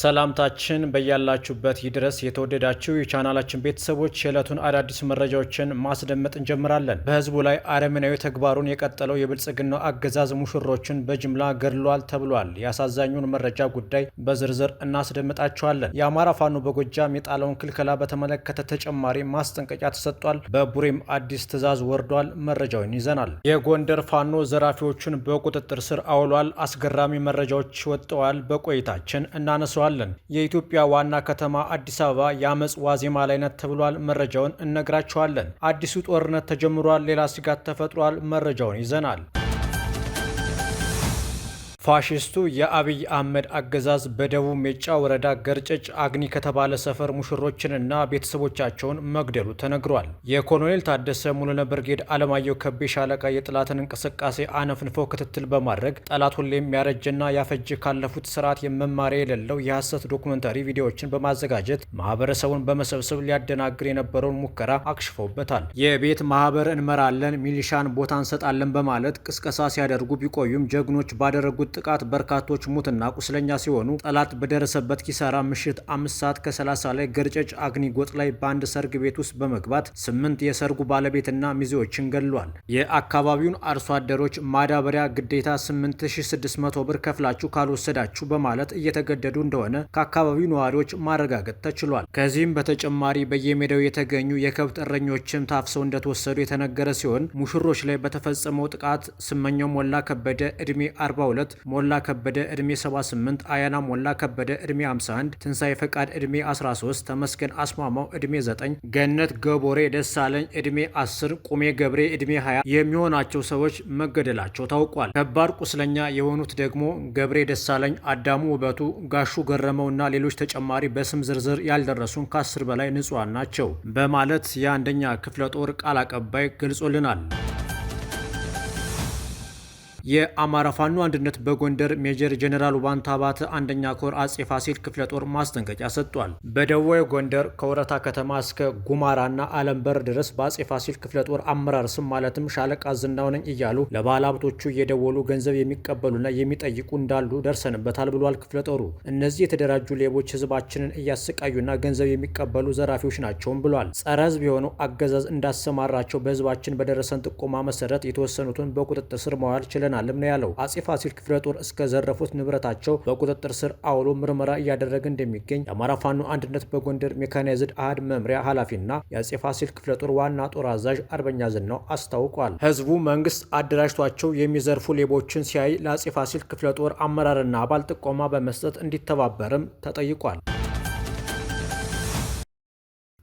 ሰላምታችን በያላችሁበት ይድረስ። የተወደዳችሁ የቻናላችን ቤተሰቦች የዕለቱን አዳዲስ መረጃዎችን ማስደመጥ እንጀምራለን። በህዝቡ ላይ አረመኔያዊ ተግባሩን የቀጠለው የብልጽግናው አገዛዝ ሙሽሮችን በጅምላ ገድሏል ተብሏል። የአሳዛኙን መረጃ ጉዳይ በዝርዝር እናስደምጣችኋለን። የአማራ ፋኖ በጎጃም የጣለውን ክልከላ በተመለከተ ተጨማሪ ማስጠንቀቂያ ተሰጥቷል። በቡሬም አዲስ ትዕዛዝ ወርዷል። መረጃውን ይዘናል። የጎንደር ፋኖ ዘራፊዎቹን በቁጥጥር ስር አውሏል። አስገራሚ መረጃዎች ወጥተዋል። በቆይታችን እናነሷል እንነግራችኋለን። የኢትዮጵያ ዋና ከተማ አዲስ አበባ የአመፅ ዋዜማ ላይ ተብሏል። መረጃውን እነግራቸዋለን። አዲሱ ጦርነት ተጀምሯል። ሌላ ስጋት ተፈጥሯል። መረጃውን ይዘናል። ፋሽስቱ የአብይ አህመድ አገዛዝ በደቡብ ሜጫ ወረዳ ገርጨጭ አግኒ ከተባለ ሰፈር ሙሽሮችንና ቤተሰቦቻቸውን መግደሉ ተነግሯል። የኮሎኔል ታደሰ ሙሉነ ብርጌድ አለማየሁ ከቤ ሻለቃ የጠላትን እንቅስቃሴ አነፍንፎ ክትትል በማድረግ ጠላት ሁሌም ያረጀና ያፈጀ ካለፉት ስርዓት የመማሪያ የሌለው የሐሰት ዶኩመንታሪ ቪዲዮዎችን በማዘጋጀት ማህበረሰቡን በመሰብሰብ ሊያደናግር የነበረውን ሙከራ አክሽፈውበታል። የቤት ማህበር እንመራለን፣ ሚሊሻን ቦታ እንሰጣለን በማለት ቅስቀሳ ሲያደርጉ ቢቆዩም ጀግኖች ባደረጉት ጥቃት በርካቶች ሙትና ቁስለኛ ሲሆኑ ጠላት በደረሰበት ኪሳራ ምሽት አምስት ሰዓት ከ30 ላይ ገርጨጭ ጎጥ ላይ በአንድ ሰርግ ቤት ውስጥ በመግባት ስምንት የሰርጉ ባለቤትና ሚዜዎችን ገድሏል። የአካባቢውን አርሶ አደሮች ማዳበሪያ ግዴታ 8600 ብር ከፍላችሁ ካልወሰዳችሁ በማለት እየተገደዱ እንደሆነ ከአካባቢው ነዋሪዎች ማረጋገጥ ተችሏል። ከዚህም በተጨማሪ በየሜዳው የተገኙ የከብት እረኞችም ታፍሰው እንደተወሰዱ የተነገረ ሲሆን ሙሽሮች ላይ በተፈጸመው ጥቃት ስመኛው ሞላ ከበደ ዕድሜ 42 ሞላ ከበደ ዕድሜ 78፣ አያና ሞላ ከበደ ዕድሜ 51፣ ትንሣኤ ፈቃድ ዕድሜ 13፣ ተመስገን አስማማው ዕድሜ 9፣ ገነት ገቦሬ ደሳለኝ ዕድሜ 10፣ ቁሜ ገብሬ ዕድሜ 20 የሚሆናቸው ሰዎች መገደላቸው ታውቋል። ከባድ ቁስለኛ የሆኑት ደግሞ ገብሬ ደሳለኝ፣ አዳሙ ውበቱ፣ ጋሹ ገረመው እና ሌሎች ተጨማሪ በስም ዝርዝር ያልደረሱን ከአስር በላይ ንጹሐን ናቸው በማለት የአንደኛ ክፍለ ጦር ቃል አቀባይ ገልጾልናል። የአማራ ፋኖ አንድነት በጎንደር ሜጀር ጀኔራል ዋንታባት አንደኛ ኮር አጼ ፋሲል ክፍለ ጦር ማስጠንቀቂያ ሰጥቷል። በደቡባዊ ጎንደር ከወረታ ከተማ እስከ ጉማራና አለምበር ድረስ በአጼ ፋሲል ክፍለ ጦር አመራር ስም ማለትም ሻለቃ ዝናው ነኝ እያሉ ለባለ ሀብቶቹ እየደወሉ ገንዘብ የሚቀበሉና የሚጠይቁ እንዳሉ ደርሰንበታል ብሏል ክፍለ ጦሩ። እነዚህ የተደራጁ ሌቦች ህዝባችንን እያሰቃዩና ገንዘብ የሚቀበሉ ዘራፊዎች ናቸውም ብሏል። ጸረ ህዝብ የሆነው አገዛዝ እንዳሰማራቸው በህዝባችን በደረሰን ጥቆማ መሰረት የተወሰኑትን በቁጥጥር ስር መዋል ችለናል እንሆናልም ነው ያለው። አጼ ፋሲል ክፍለ ጦር እስከ ዘረፉት ንብረታቸው በቁጥጥር ስር አውሎ ምርመራ እያደረገ እንደሚገኝ የአማራ ፋኖ አንድነት በጎንደር ሜካናይዝድ አህድ መምሪያ ኃላፊና የአጼ ፋሲል ክፍለ ጦር ዋና ጦር አዛዥ አርበኛ ዝናው አስታውቋል። ህዝቡ መንግስት አደራጅቷቸው የሚዘርፉ ሌቦችን ሲያይ ለአጼ ፋሲል ክፍለ ጦር አመራርና አባል ጥቆማ በመስጠት እንዲተባበርም ተጠይቋል።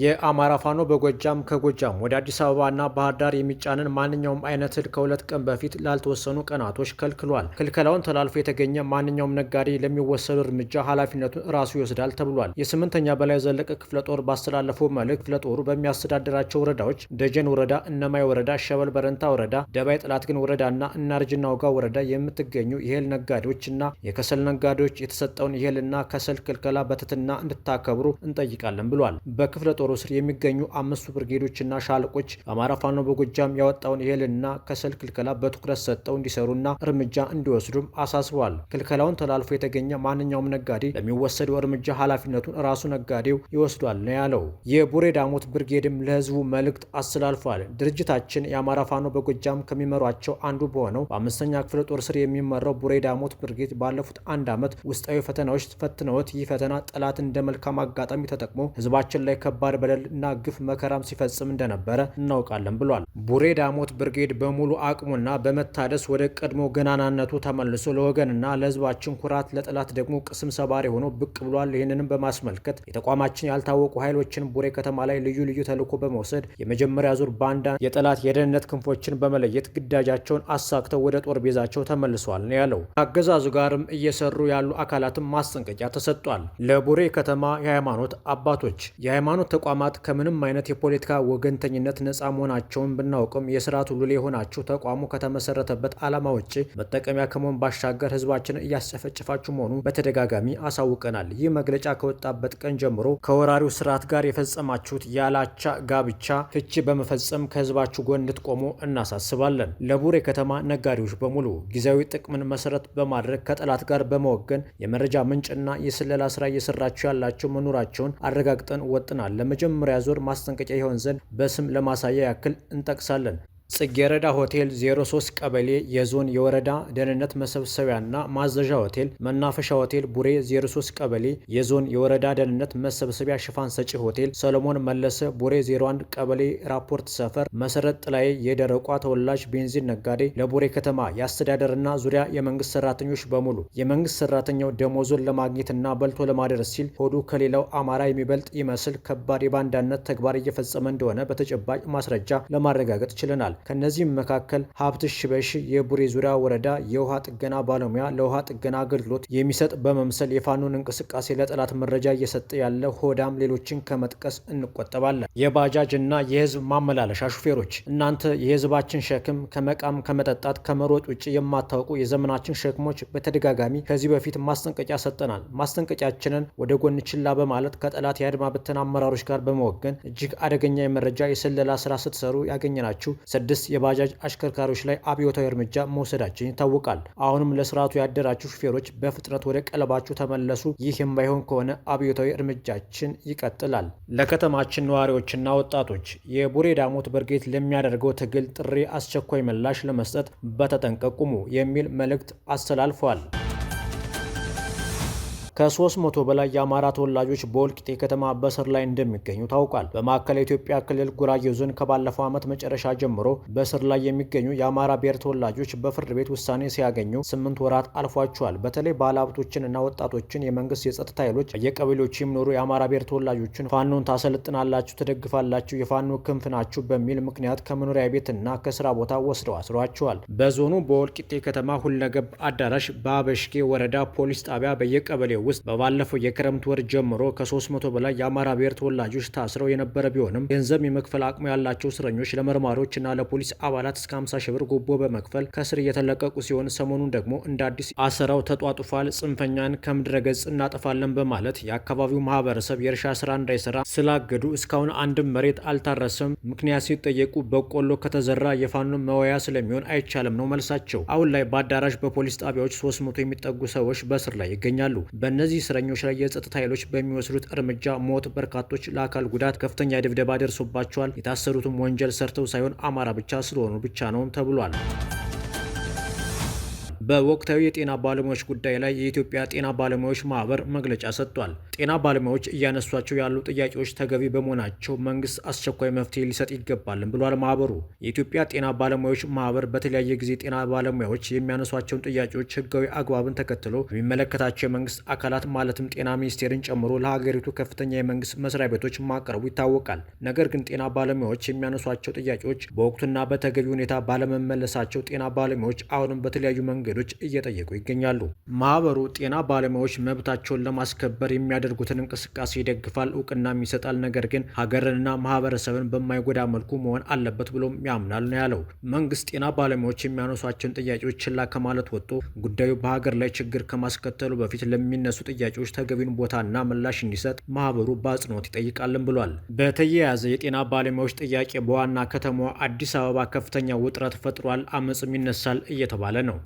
የአማራ ፋኖ በጎጃም ከጎጃም ወደ አዲስ አበባና ባህር ዳር የሚጫንን ማንኛውም አይነት እህል ከሁለት ቀን በፊት ላልተወሰኑ ቀናቶች ከልክሏል። ክልከላውን ተላልፎ የተገኘ ማንኛውም ነጋዴ ለሚወሰዱ እርምጃ ኃላፊነቱን ራሱ ይወስዳል ተብሏል። የስምንተኛ በላይ ዘለቀ ክፍለ ጦር ባስተላለፈው መልእክት ክፍለ ጦሩ በሚያስተዳድራቸው ወረዳዎች ደጀን ወረዳ፣ እነማይ ወረዳ፣ ሸበል በረንታ ወረዳ፣ ደባይ ጥላት ግን ወረዳና እናርጅና ውጋ ወረዳ የምትገኙ የእህል ነጋዴዎችና የከሰል ነጋዴዎች የተሰጠውን የእህልና ከሰል ክልከላ በትትና እንድታከብሩ እንጠይቃለን ብሏል። በክፍለ ጦሩ ጦሩ ስር የሚገኙ አምስቱ ብርጌዶችና ሻለቆች በአማራ ፋኖ በጎጃም ያወጣውን የእህልና ከሰል ክልከላ በትኩረት ሰጠው እንዲሰሩና እርምጃ እንዲወስዱም አሳስቧል። ክልከላውን ተላልፎ የተገኘ ማንኛውም ነጋዴ ለሚወሰደው እርምጃ ኃላፊነቱን ራሱ ነጋዴው ይወስዷል ነው ያለው። የቡሬ ዳሞት ብርጌድም ለህዝቡ መልእክት አስተላልፏል። ድርጅታችን የአማራ ፋኖ በጎጃም ከሚመሯቸው አንዱ በሆነው በአምስተኛ ክፍለ ጦር ስር የሚመራው ቡሬ ዳሞት ብርጌድ ባለፉት አንድ ዓመት ውስጣዊ ፈተናዎች ፈትነውት ይህ ፈተና ጠላት እንደ መልካም አጋጣሚ ተጠቅሞ ህዝባችን ላይ ከባድ ከባድ እና ግፍ መከራም ሲፈጽም እንደነበረ እናውቃለን ብሏል። ቡሬ ዳሞት ብርጌድ በሙሉ አቅሙና በመታደስ ወደ ቀድሞ ገናናነቱ ተመልሶ ለወገንና ለህዝባችን ኩራት ለጠላት ደግሞ ቅስም ሰባሪ ሆኖ ብቅ ብሏል። ይህንንም በማስመልከት የተቋማችን ያልታወቁ ኃይሎችን ቡሬ ከተማ ላይ ልዩ ልዩ ተልዕኮ በመውሰድ የመጀመሪያ ዙር ባንዳ የጠላት የደህንነት ክንፎችን በመለየት ግዳጃቸውን አሳክተው ወደ ጦር ቤዛቸው ተመልሰዋል ነው ያለው። ከአገዛዙ ጋርም እየሰሩ ያሉ አካላትም ማስጠንቀቂያ ተሰጥቷል። ለቡሬ ከተማ የሃይማኖት አባቶች የሃይማኖት ተቋማት ከምንም አይነት የፖለቲካ ወገንተኝነት ነጻ መሆናቸውን ብናውቅም የስርዓቱ ሉል የሆናችሁ ተቋሙ ከተመሰረተበት ዓላማ ውጭ መጠቀሚያ ከመሆን ባሻገር ህዝባችን እያስጨፈጨፋችሁ መሆኑን በተደጋጋሚ አሳውቀናል። ይህ መግለጫ ከወጣበት ቀን ጀምሮ ከወራሪው ስርዓት ጋር የፈጸማችሁት ያላቻ ጋብቻ ፍቺ በመፈጸም ከህዝባችሁ ጎን እንድትቆሙ እናሳስባለን። ለቡሬ ከተማ ነጋዴዎች በሙሉ ጊዜያዊ ጥቅምን መሰረት በማድረግ ከጠላት ጋር በመወገን የመረጃ ምንጭና የስለላ ስራ እየሰራችሁ ያላቸው መኖራቸውን አረጋግጠን ወጥናለን ለመጀመሪያ ዙር ማስጠንቀቂያ ይሆን ዘንድ በስም ለማሳያ ያክል እንጠቅሳለን። ጽጌረዳ ሆቴል 03 ቀበሌ የዞን የወረዳ ደህንነት መሰብሰቢያና ማዘዣ ሆቴል፣ መናፈሻ ሆቴል ቡሬ 03 ቀበሌ የዞን የወረዳ ደህንነት መሰብሰቢያ ሽፋን ሰጪ ሆቴል፣ ሰለሞን መለሰ ቡሬ 01 ቀበሌ ራፖርት ሰፈር፣ መሰረት ጥላይ የደረቋ ተወላጅ ቤንዚን ነጋዴ፣ ለቡሬ ከተማ የአስተዳደርና ዙሪያ የመንግስት ሰራተኞች በሙሉ የመንግስት ሰራተኛው ደሞዙን ለማግኘትና በልቶ ለማደረስ ሲል ሆዱ ከሌላው አማራ የሚበልጥ ይመስል ከባድ የባንዳነት ተግባር እየፈጸመ እንደሆነ በተጨባጭ ማስረጃ ለማረጋገጥ ችለናል። ከእነዚህም መካከል ሀብት ሽበሽ የቡሬ ዙሪያ ወረዳ የውሃ ጥገና ባለሙያ ለውሃ ጥገና አገልግሎት የሚሰጥ በመምሰል የፋኖን እንቅስቃሴ ለጠላት መረጃ እየሰጠ ያለ ሆዳም ሌሎችን ከመጥቀስ እንቆጠባለን። የባጃጅ እና የህዝብ ማመላለሻ ሹፌሮች እናንተ የህዝባችን ሸክም ከመቃም ከመጠጣት ከመሮጥ ውጭ የማታውቁ የዘመናችን ሸክሞች በተደጋጋሚ ከዚህ በፊት ማስጠንቀቂያ ሰጠናል። ማስጠንቀቂያችንን ወደ ጎን ችላ በማለት ከጠላት የአድማ ብተን አመራሮች ጋር በመወገን እጅግ አደገኛ የመረጃ የስለላ ስራ ስትሰሩ ያገኘናችሁ ስድስት የባጃጅ አሽከርካሪዎች ላይ አብዮታዊ እርምጃ መውሰዳችን ይታወቃል። አሁንም ለስርዓቱ ያደራችሁ ሹፌሮች በፍጥነት ወደ ቀለባችሁ ተመለሱ። ይህ የማይሆን ከሆነ አብዮታዊ እርምጃችን ይቀጥላል። ለከተማችን ነዋሪዎችና ወጣቶች የቡሬ ዳሞት ብርጌት ለሚያደርገው ትግል ጥሪ አስቸኳይ ምላሽ ለመስጠት በተጠንቀቁሙ የሚል መልእክት አስተላልፏል። ከ300 በላይ የአማራ ተወላጆች በወልቂጤ ከተማ በስር ላይ እንደሚገኙ ታውቋል። በማዕከል የኢትዮጵያ ክልል ጉራጌ ዞን ከባለፈው ዓመት መጨረሻ ጀምሮ በስር ላይ የሚገኙ የአማራ ብሔር ተወላጆች በፍርድ ቤት ውሳኔ ሲያገኙ ስምንት ወራት አልፏቸዋል። በተለይ ባለሀብቶችን እና ወጣቶችን የመንግስት የጸጥታ ኃይሎች በየቀበሌዎች የሚኖሩ የአማራ ብሔር ተወላጆችን ፋኖን ታሰልጥናላችሁ፣ ትደግፋላችሁ፣ የፋኖ ክንፍ ናችሁ በሚል ምክንያት ከመኖሪያ ቤትና ከስራ ቦታ ወስደው አስሯቸዋል። በዞኑ በወልቂጤ ከተማ ሁለገብ አዳራሽ በአበሽጌ ወረዳ ፖሊስ ጣቢያ በየቀበሌው ውስጥ በባለፈው የክረምት ወር ጀምሮ ከ300 በላይ የአማራ ብሔር ተወላጆች ታስረው የነበረ ቢሆንም ገንዘብ የመክፈል አቅሙ ያላቸው እስረኞች ለመርማሪዎችና ለፖሊስ አባላት እስከ 50 ሺህ ብር ጉቦ በመክፈል ከስር እየተለቀቁ ሲሆን ሰሞኑን ደግሞ እንደ አዲስ አሰራው ተጧጡፏል። ጽንፈኛን ከምድረ ገጽ እናጠፋለን በማለት የአካባቢው ማህበረሰብ የእርሻ ስራ እንዳይሰራ ስላገዱ እስካሁን አንድም መሬት አልታረሰም። ምክንያት ሲጠየቁ በቆሎ ከተዘራ የፋኖ መወያ ስለሚሆን አይቻልም ነው መልሳቸው። አሁን ላይ በአዳራሽ በፖሊስ ጣቢያዎች 300 የሚጠጉ ሰዎች በስር ላይ ይገኛሉ። በእነዚህ እስረኞች ላይ የጸጥታ ኃይሎች በሚወስዱት እርምጃ ሞት፣ በርካቶች ለአካል ጉዳት፣ ከፍተኛ ድብደባ ደርሶባቸዋል። የታሰሩትም ወንጀል ሰርተው ሳይሆን አማራ ብቻ ስለሆኑ ብቻ ነውም ተብሏል። በወቅታዊ የጤና ባለሙያዎች ጉዳይ ላይ የኢትዮጵያ ጤና ባለሙያዎች ማህበር መግለጫ ሰጥቷል። ጤና ባለሙያዎች እያነሷቸው ያሉ ጥያቄዎች ተገቢ በመሆናቸው መንግስት አስቸኳይ መፍትሄ ሊሰጥ ይገባልን ብሏል ማህበሩ። የኢትዮጵያ ጤና ባለሙያዎች ማህበር በተለያየ ጊዜ ጤና ባለሙያዎች የሚያነሷቸውን ጥያቄዎች ህጋዊ አግባብን ተከትሎ የሚመለከታቸው የመንግስት አካላት ማለትም ጤና ሚኒስቴርን ጨምሮ ለሀገሪቱ ከፍተኛ የመንግስት መስሪያ ቤቶች ማቅረቡ ይታወቃል። ነገር ግን ጤና ባለሙያዎች የሚያነሷቸው ጥያቄዎች በወቅቱና በተገቢ ሁኔታ ባለመመለሳቸው ጤና ባለሙያዎች አሁንም በተለያዩ መንገድ መንገዶች እየጠየቁ ይገኛሉ። ማህበሩ ጤና ባለሙያዎች መብታቸውን ለማስከበር የሚያደርጉትን እንቅስቃሴ ይደግፋል፣ እውቅናም ይሰጣል። ነገር ግን ሀገርንና ማህበረሰብን በማይጎዳ መልኩ መሆን አለበት ብሎም ያምናል ነው ያለው። መንግስት ጤና ባለሙያዎች የሚያነሷቸውን ጥያቄዎች ችላ ከማለት ወጥቶ ጉዳዩ በሀገር ላይ ችግር ከማስከተሉ በፊት ለሚነሱ ጥያቄዎች ተገቢውን ቦታና ምላሽ እንዲሰጥ ማህበሩ በአጽንኦት ይጠይቃልን ብሏል። በተያያዘ የጤና ባለሙያዎች ጥያቄ በዋና ከተማዋ አዲስ አበባ ከፍተኛ ውጥረት ፈጥሯል፣ አመፅም ይነሳል እየተባለ ነው።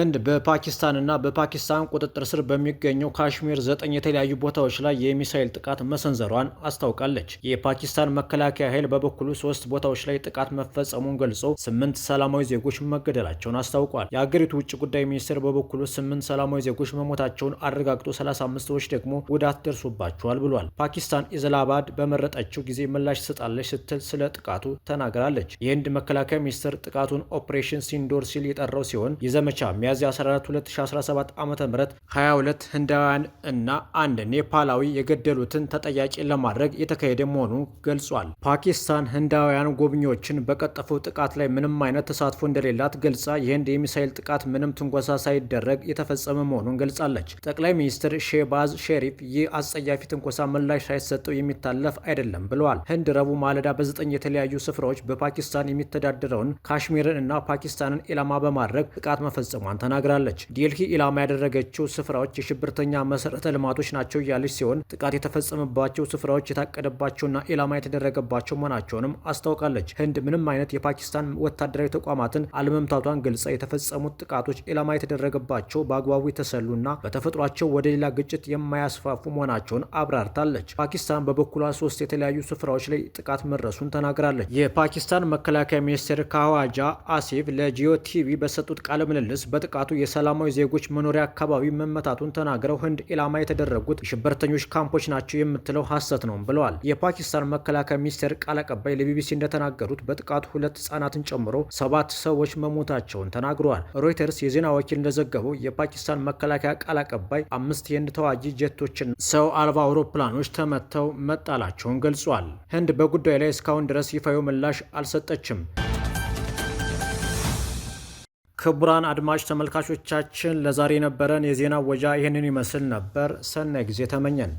ህንድ በፓኪስታንና በፓኪስታን ቁጥጥር ስር በሚገኘው ካሽሚር ዘጠኝ የተለያዩ ቦታዎች ላይ የሚሳይል ጥቃት መሰንዘሯን አስታውቃለች። የፓኪስታን መከላከያ ኃይል በበኩሉ ሶስት ቦታዎች ላይ ጥቃት መፈጸሙን ገልጾ ስምንት ሰላማዊ ዜጎች መገደላቸውን አስታውቋል። የአገሪቱ ውጭ ጉዳይ ሚኒስቴር በበኩሉ ስምንት ሰላማዊ ዜጎች መሞታቸውን አረጋግጦ 35 ሰዎች ደግሞ ጉዳት ደርሶባቸዋል ብሏል። ፓኪስታን ኢዝላባድ በመረጠችው ጊዜ ምላሽ ትሰጣለች ስትል ስለ ጥቃቱ ተናግራለች። የህንድ መከላከያ ሚኒስቴር ጥቃቱን ኦፕሬሽን ሲንዶር ሲል የጠራው ሲሆን የዘመቻ በሚያዝያ 14 2017 ዓ ም 22 ህንዳውያን እና አንድ ኔፓላዊ የገደሉትን ተጠያቂ ለማድረግ የተካሄደ መሆኑ ገልጿል። ፓኪስታን ህንዳውያን ጎብኚዎችን በቀጠፈው ጥቃት ላይ ምንም አይነት ተሳትፎ እንደሌላት ገልጻ የህንድ የሚሳይል ጥቃት ምንም ትንኮሳ ሳይደረግ የተፈጸመ መሆኑን ገልጻለች። ጠቅላይ ሚኒስትር ሼባዝ ሼሪፍ ይህ አጸያፊ ትንኮሳ ምላሽ ሳይሰጠው የሚታለፍ አይደለም ብለዋል። ህንድ ረቡዕ ማለዳ በዘጠኝ የተለያዩ ስፍራዎች በፓኪስታን የሚተዳደረውን ካሽሚርን እና ፓኪስታንን ኢላማ በማድረግ ጥቃት መፈጸሟል ፓኪስታን ተናግራለች። ዴልሂ ኢላማ ያደረገችው ስፍራዎች የሽብርተኛ መሰረተ ልማቶች ናቸው እያለች ሲሆን ጥቃት የተፈጸመባቸው ስፍራዎች የታቀደባቸውና ኢላማ የተደረገባቸው መሆናቸውንም አስታውቃለች። ህንድ ምንም አይነት የፓኪስታን ወታደራዊ ተቋማትን አለመምታቷን ገልጻ የተፈጸሙት ጥቃቶች ኢላማ የተደረገባቸው በአግባቡ የተሰሉና በተፈጥሯቸው ወደ ሌላ ግጭት የማያስፋፉ መሆናቸውን አብራርታለች። ፓኪስታን በበኩሏ ሶስት የተለያዩ ስፍራዎች ላይ ጥቃት መድረሱን ተናግራለች። የፓኪስታን መከላከያ ሚኒስቴር ካዋጃ አሲፍ ለጂኦ ቲቪ በሰጡት ቃለ ምልልስ በጥቃቱ የሰላማዊ ዜጎች መኖሪያ አካባቢ መመታቱን ተናግረው ህንድ ኢላማ የተደረጉት የሽብርተኞች ካምፖች ናቸው የምትለው ሀሰት ነው ብለዋል። የፓኪስታን መከላከያ ሚኒስቴር ቃል አቀባይ ለቢቢሲ እንደተናገሩት በጥቃቱ ሁለት ህጻናትን ጨምሮ ሰባት ሰዎች መሞታቸውን ተናግረዋል። ሮይተርስ የዜና ወኪል እንደዘገበው የፓኪስታን መከላከያ ቃል አቀባይ አምስት የህንድ ተዋጊ ጀቶችና ሰው አልባ አውሮፕላኖች ተመተው መጣላቸውን ገልጿል። ህንድ በጉዳዩ ላይ እስካሁን ድረስ ይፋዊ ምላሽ አልሰጠችም። ክቡራን አድማጭ ተመልካቾቻችን ለዛሬ የነበረን የዜና ወጃ ይህንን ይመስል ነበር። ሰናይ ጊዜ ተመኘን።